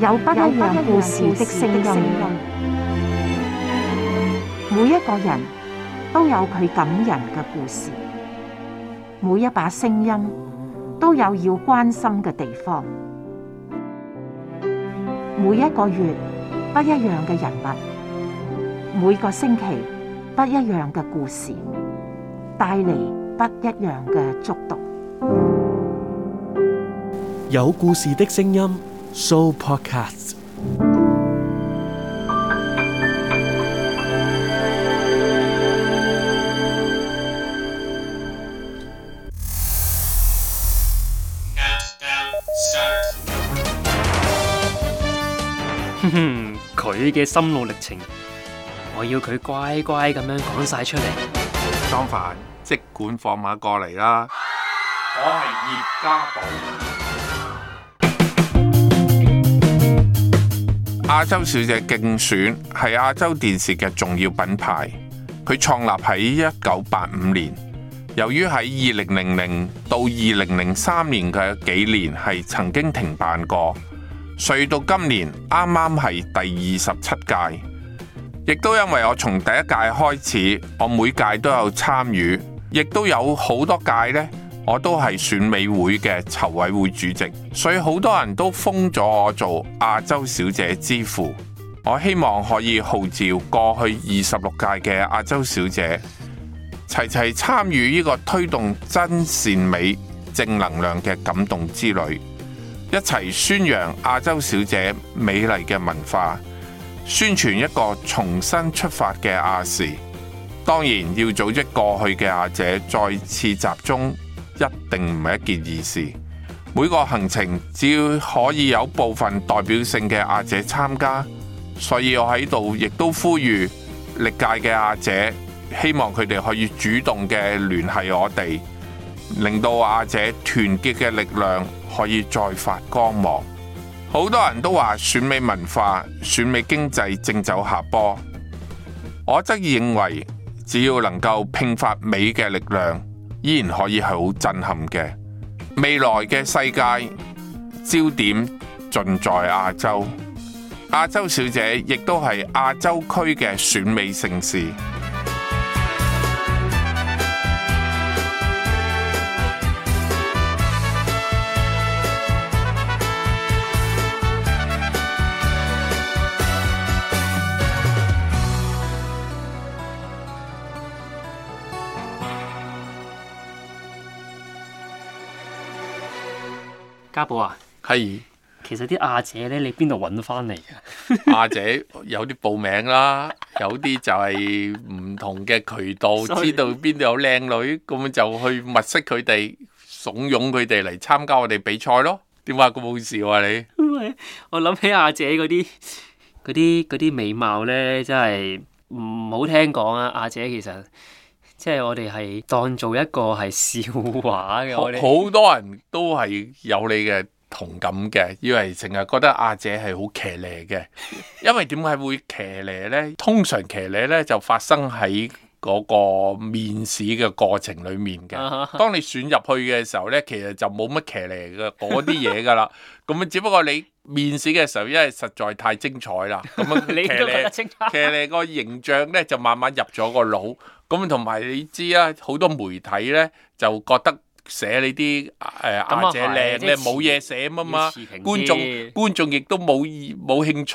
有不一樣故事的聲音，每一個人都有佢感人嘅故事，每一把聲音都有要關心嘅地方，每一個月不一樣嘅人物，每個星期不一樣嘅故事，帶嚟不一樣嘅觸動。有故事的聲音。Show podcast。哼 哼，佢嘅 心路歷程，我要佢乖乖咁樣講晒出嚟。莊凡，即管放馬過嚟啦！我係葉家寶。亞洲小姐競選係亞洲電視嘅重要品牌，佢創立喺一九八五年。由於喺二零零零到二零零三年嘅幾年係曾經停辦過，遂到今年啱啱係第二十七屆。亦都因為我從第一屆開始，我每屆都有參與，亦都有好多屆呢。我都係選美會嘅籌委會主席，所以好多人都封咗我做亞洲小姐之父。我希望可以號召過去二十六屆嘅亞洲小姐齊齊參與呢個推動真善美正能量嘅感動之旅，一齊宣揚亞洲小姐美麗嘅文化，宣傳一個重新出發嘅亞視。當然要組織過去嘅亞姐再次集中，一定唔係一件易事。每個行程只要可以有部分代表性嘅亞姐參加，所以我喺度亦都呼籲歷屆嘅亞姐，希望佢哋可以主動嘅聯繫我哋，令到亞姐團結嘅力量可以再發光芒。好多人都話選美文化、選美經濟正走下坡，我則認為只要能夠拼發美嘅力量。依然可以係好震撼嘅，未來嘅世界焦點盡在亞洲，亞洲小姐亦都係亞洲區嘅選美盛事。家寶啊，係是，其實啲阿姐咧，你邊度搵翻嚟嘅？ 阿姐有啲報名啦，有啲就係唔同嘅渠道， 知道邊度有靚女，咁 就去物色佢哋，慫恿佢哋嚟參加我哋比賽咯。點解咁好笑話、啊、你？我諗起阿姐嗰啲，嗰啲嗰啲美貌咧，真係唔好聽講啊！阿姐其實。即係我哋係當做一個係笑話嘅，我哋好多人都係有你嘅同感嘅，以為成日覺得阿姐係好騎呢嘅，因為點解會騎呢咧？通常騎呢咧就發生喺嗰個面試嘅過程裡面嘅。當你選入去嘅時候咧，其實就冇乜騎呢嘅嗰啲嘢㗎啦。咁啊，只不過你。面試嘅時候，因為實在太精彩啦，咁樣騎呢，騎呢個形象咧就慢慢入咗個腦。咁同埋你知啦，好多媒體咧就覺得寫你啲誒阿姐靚咧冇嘢寫啊嘛，觀眾觀眾亦都冇冇興趣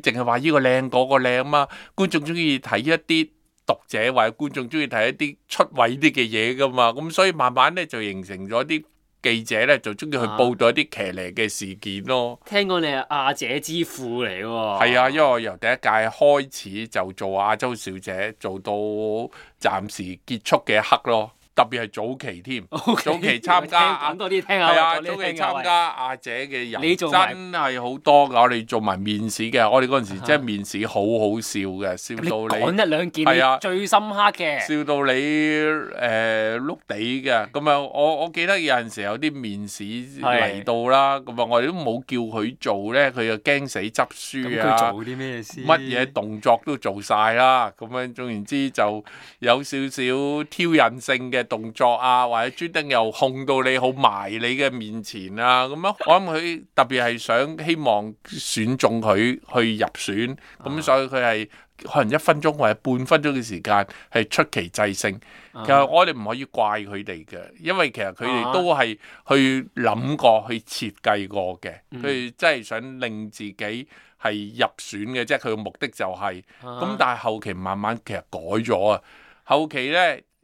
去，淨係話呢個靚嗰個靚啊嘛。觀眾中意睇一啲讀者或者觀眾中意睇一啲出位啲嘅嘢噶嘛，咁所以慢慢咧就形成咗啲。記者咧就中意去報道一啲騎呢嘅事件咯。聽講你係亞姐之父嚟喎。係啊，因為我由第一屆開始就做亞洲小姐，做到暫時結束嘅一刻咯。特別係早期添，okay, 早期參加，講多啲聽下。係啊，早期參加阿喂姐嘅人你做真係好多㗎。我哋做埋面試嘅，我哋嗰陣時即係面試好好笑嘅，笑到你，你講一兩件。係啊，最深刻嘅。笑到你誒碌、呃、地嘅。咁啊，我我記得有陣時有啲面試嚟到啦，咁是啊，我哋都冇叫佢做咧，佢又驚死執輸啊，做啲咩事，乜嘢動作都做晒啦。咁樣總言之就有少少挑釁性嘅。動作啊，或者專登又控到你好埋你嘅面前啊，咁樣我諗佢特別係想希望選中佢去入選，咁所以佢係可能一分鐘或者半分鐘嘅時間係出奇制勝。其實我哋唔可以怪佢哋嘅，因為其實佢哋都係去諗過去設計過嘅，佢哋真係想令自己係入選嘅，即係。佢嘅目的就係、是、咁，但係後期慢慢其實改咗啊，後期呢。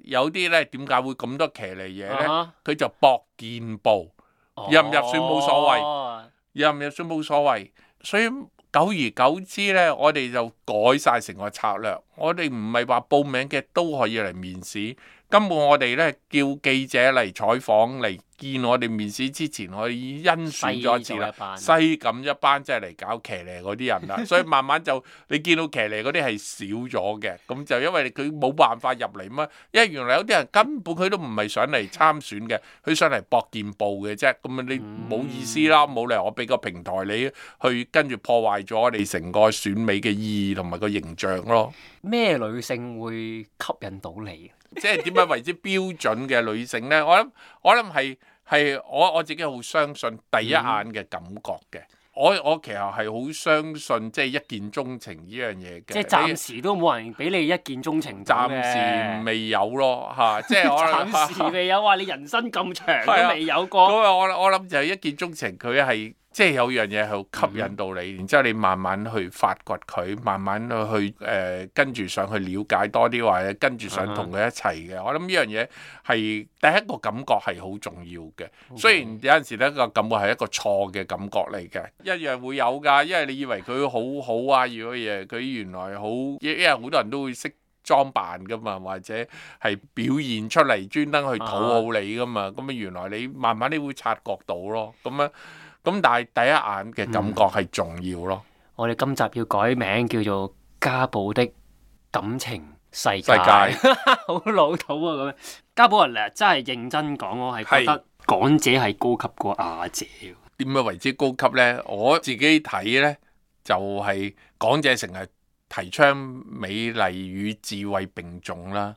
有啲咧，點解會咁多騎呢嘢咧？佢、uh huh. 就搏健步，oh. 入唔入選冇所謂，入唔入選冇所謂。所以久而久之咧，我哋就改晒成個策略。我哋唔係話報名嘅都可以嚟面試。根本我哋咧叫記者嚟採訪嚟見我哋面試之前，我已甄選咗一次啦，篩咁一班即係嚟搞騎呢嗰啲人啦。 所以慢慢就你見到騎呢嗰啲係少咗嘅，咁就因為佢冇辦法入嚟嘛。因為原來有啲人根本佢都唔係想嚟參選嘅，佢上嚟搏見報嘅啫。咁你冇意思啦，冇、嗯、理由我俾個平台你去跟住破壞咗我哋成個選美嘅意義同埋個形象咯。咩女性會吸引到你？ 即係點樣為之標準嘅女性咧？我諗我諗係係我我自己好相信第一眼嘅感覺嘅。我我其實係好相信即係一見鍾情呢樣嘢嘅。即係暫時都冇人俾你一見鍾情嘅。暫時未有咯，嚇！即係 暫時未有。話你人生咁長都未有過。咁、啊、我我諗就係一見鍾情，佢係。即係有樣嘢係吸引到你，嗯、然之後你慢慢去發掘佢，慢慢去誒、呃、跟住上去了解多啲或者跟住想同佢一齊嘅。我諗呢樣嘢係第一個感覺係好重要嘅。嗯、雖然有陣時呢個感覺係一個錯嘅感覺嚟嘅，一樣會有㗎。因為你以為佢好好啊，如果嘢佢原來好，因為好多人都會識裝扮㗎嘛，或者係表現出嚟專登去討好你㗎嘛。咁啊、嗯，嗯、原來你慢慢你會察覺到咯，咁啊。咁但係第一眼嘅感覺係重要咯。嗯、我哋今集要改名叫做《家寶的感情世界》世界，好 老土啊！咁樣家寶，人咧真係認真講，我係覺得港姐係高級過亞姐。點解是為之高級呢？我自己睇呢，就係、是、港姐成日提倡美麗與智慧並重啦。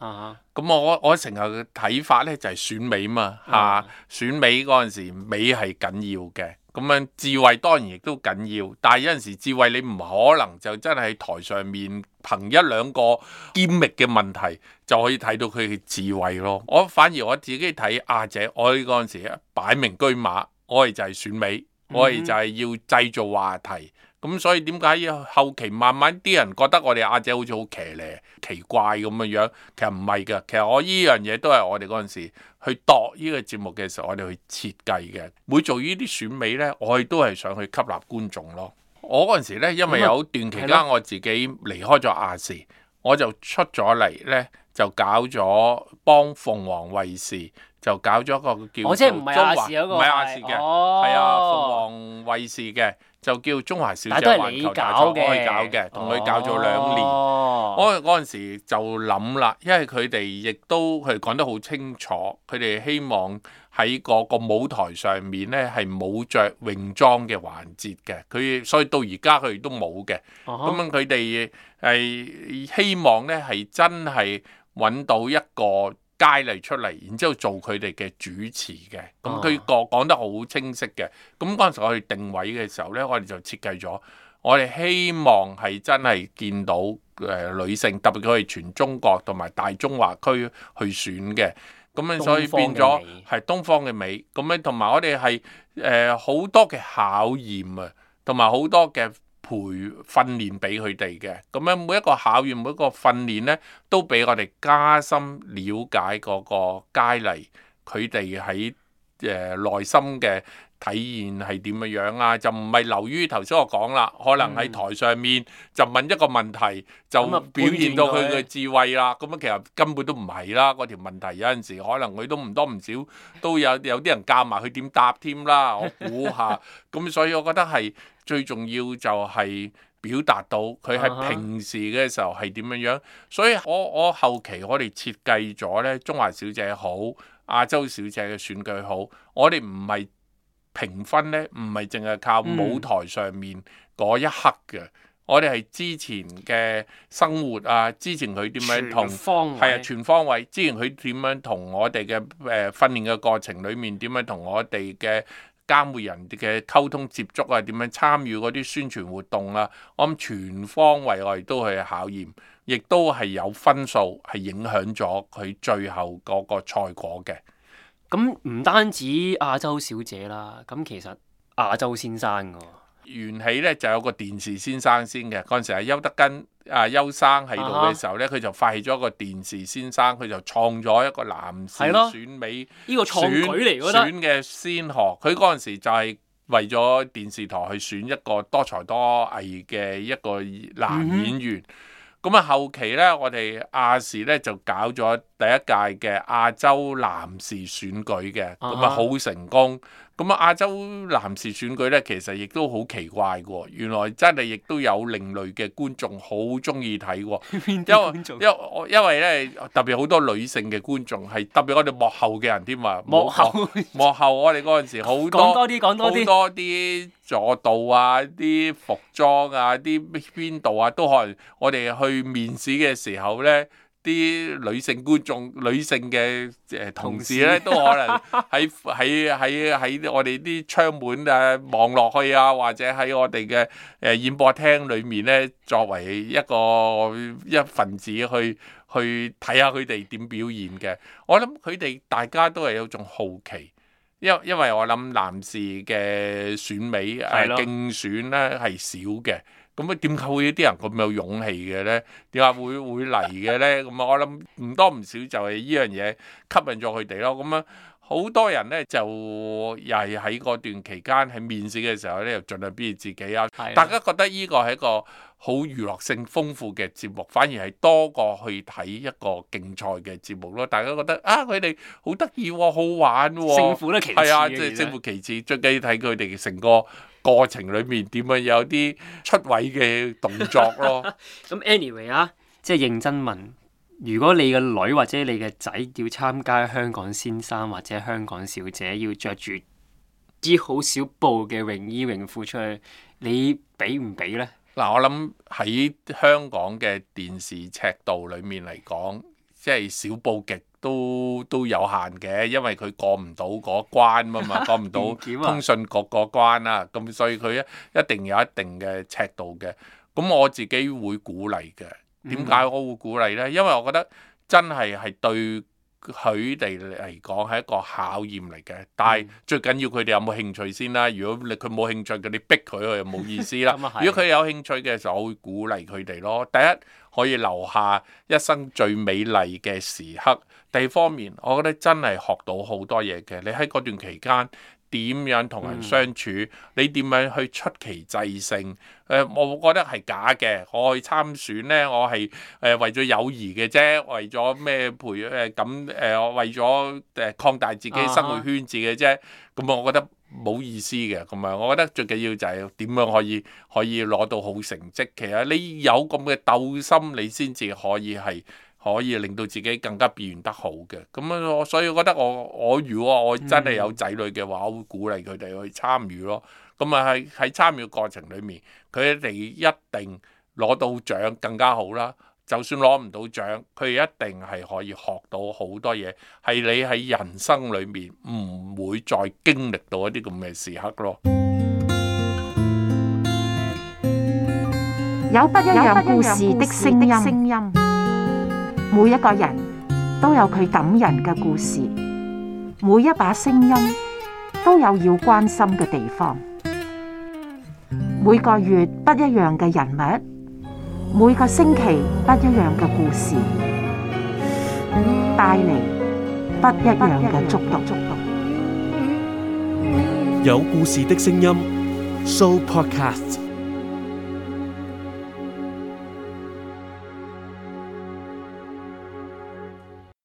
咁、uh huh. 我我成日嘅睇法呢，就係、是、選美嘛，吓、uh huh. 選美嗰陣時美係緊要嘅。咁樣智慧當然亦都緊要，但係有陣時智慧你唔可能就真係台上面憑一兩個尖力嘅問題就可以睇到佢嘅智慧咯。我反而我自己睇阿、啊、姐，我嗰陣時擺明車馬，我哋就係選美，嗯、哼我哋就係要製造話題。咁所以點解後期慢慢啲人覺得我哋亞姐好似好騎呢奇怪咁嘅樣？其實唔係嘅，其實我呢樣嘢都係我哋嗰陣時去度呢個節目嘅時候，我哋去設計嘅。每做呢啲選美咧，我哋都係想去吸納觀眾咯。我嗰陣時咧，因為有段期間我自己離開咗亞視，嗯、我就出咗嚟咧，就搞咗幫鳳凰衛視，就搞咗一個叫我即係唔係亞視嗰個，唔係亞視嘅，係啊，鳳凰衛視嘅。就叫中華小姐搞環球大賽搞，嘅，同佢搞咗兩年。哦、我嗰陣時就諗啦，因為佢哋亦都係講得好清楚，佢哋希望喺個,個舞台上面咧係冇着泳裝嘅環節嘅。佢所以到而家佢哋都冇嘅。咁樣佢哋係希望咧係真係揾到一個。佳麗出嚟，然之後做佢哋嘅主持嘅，咁佢講講得好清晰嘅。咁嗰陣時我哋定位嘅時候呢，我哋就設計咗，我哋希望係真係見到誒、呃、女性，特別佢係全中國同埋大中華區去選嘅。咁啊，所以變咗係東方嘅美。咁咧，同埋我哋係誒好多嘅考驗啊，同埋好多嘅。培訓練俾佢哋嘅，咁樣每一個考驗、每一個訓練呢，都俾我哋加深了解嗰個佳麗佢哋喺誒內心嘅。體現係點樣樣啊，就唔係流於頭先我講啦，可能喺台上面就問一個問題，就表現到佢嘅智慧啦。咁樣其實根本都唔係啦。嗰條問題有陣時可能佢都唔多唔少，都有有啲人夾埋佢點答添啦。我估下，咁 所以我覺得係最重要就係表達到佢係平時嘅時候係點樣樣。所以我我後期我哋設計咗呢，中華小姐好，亞洲小姐嘅選舉好，我哋唔係。評分呢，唔係淨係靠舞台上面嗰一刻嘅。嗯、我哋係之前嘅生活啊，之前佢點樣同全方位，係啊，全方位，之前佢點樣同我哋嘅誒訓練嘅過程裡面點樣同我哋嘅監護人嘅溝通接觸啊，點樣參與嗰啲宣傳活動啊，我諗全方位我哋都係考驗，亦都係有分數係影響咗佢最後嗰個賽果嘅。咁唔單止亞洲小姐啦，咁其實亞洲先生嘅源起咧，就有個電視先生先嘅。嗰陣時係邱德根啊邱生喺度嘅時候咧，佢就發起咗一個電視先生，佢就創咗一個男士選美呢的選個創舉嚟嘅選嘅先河。佢嗰陣時就係為咗電視台去選一個多才多藝嘅一個男演員。嗯咁啊，後期咧，我哋亞視咧就搞咗第一屆嘅亞洲男士選舉嘅，咁啊，好成功。咁啊，亞洲男士選舉呢，其實亦都好奇怪㗎喎！原來真係亦都有另類嘅觀眾好中意睇喎，因為因為因為呢，特別好多女性嘅觀眾係特別我哋幕後嘅人添啊。 幕後 幕後我哋嗰陣時好多講 多啲助導啊，啲服裝啊，啲編導啊，都可能我哋去面試嘅時候呢。啲女性觀眾、女性嘅誒同事咧，都可能喺喺喺喺我哋啲窗門啊望落去啊，或者喺我哋嘅誒演播廳裏面咧，作為一個一份子去去睇下佢哋點表現嘅。我諗佢哋大家都係有種好奇，因為因為我諗男士嘅選美誒競選咧係少嘅。咁啊，點解會有啲人咁有勇氣嘅咧？點解會會嚟嘅咧？咁啊，我諗唔多唔少就係呢樣嘢吸引咗佢哋咯。咁啊，好多人咧就又係喺嗰段期間喺面試嘅時候咧，又盡量表現自己啊。的大家覺得呢個係一個好娛樂性豐富嘅節目，反而係多過去睇一個競賽嘅節目咯。大家覺得啊，佢哋好得意，好玩，哦。勝負咧，其實啊，即、就、係、是、勝負其次，最緊要睇佢哋嘅成個過程裏面點樣有啲出位嘅動作咯。咁 anyway 啊，即係認真問，如果你個女或者你個仔要參加香港先生或者香港小姐，要着住啲好少布嘅泳衣泳褲出去，你俾唔俾呢？嗱，我諗喺香港嘅電視尺度裏面嚟講，即係少布極。都都有限嘅，因為佢過唔到嗰關啊嘛，過唔到通訊局嗰關啦，咁所以佢一一定有一定嘅尺度嘅。咁我自己會鼓勵嘅，點解我會鼓勵呢？因為我覺得真係係對佢哋嚟講係一個考驗嚟嘅，但係最緊要佢哋有冇興趣先啦、啊。如果你佢冇興趣嘅，你逼佢佢又冇意思啦、啊。 如果佢有興趣嘅時候，我會鼓勵佢哋咯。第一可以留下一生最美麗嘅時刻，第二方面，我覺得真係學到好多嘢嘅。你喺嗰段期間，點樣同人相處？嗯、你點樣去出奇制勝？誒、呃，我覺得係假嘅。我去參選呢，我係誒、呃、為咗友誼嘅啫，為咗咩培育誒咁我為咗誒擴大自己生活圈子嘅啫。咁、啊啊、我覺得冇意思嘅。咁啊，我覺得最緊要就係點樣可以可以攞到好成績。其實你有咁嘅鬥心，你先至可以係。可以令到自己更加變得好嘅，咁我所以我覺得我我如果我真係有仔女嘅話，我會鼓勵佢哋去參與咯。咁啊，喺喺參與嘅過程裏面，佢哋一定攞到獎更加好啦。就算攞唔到獎，佢哋一定係可以學到好多嘢，係你喺人生裏面唔會再經歷到一啲咁嘅時刻咯。有不一樣故事的聲音。每一個人都有佢感人嘅故事，每一把聲音都有要關心嘅地方。每個月不一樣嘅人物，每個星期不一樣嘅故事，帶嚟不一樣嘅觸動。有故事的聲音，Show Podcast。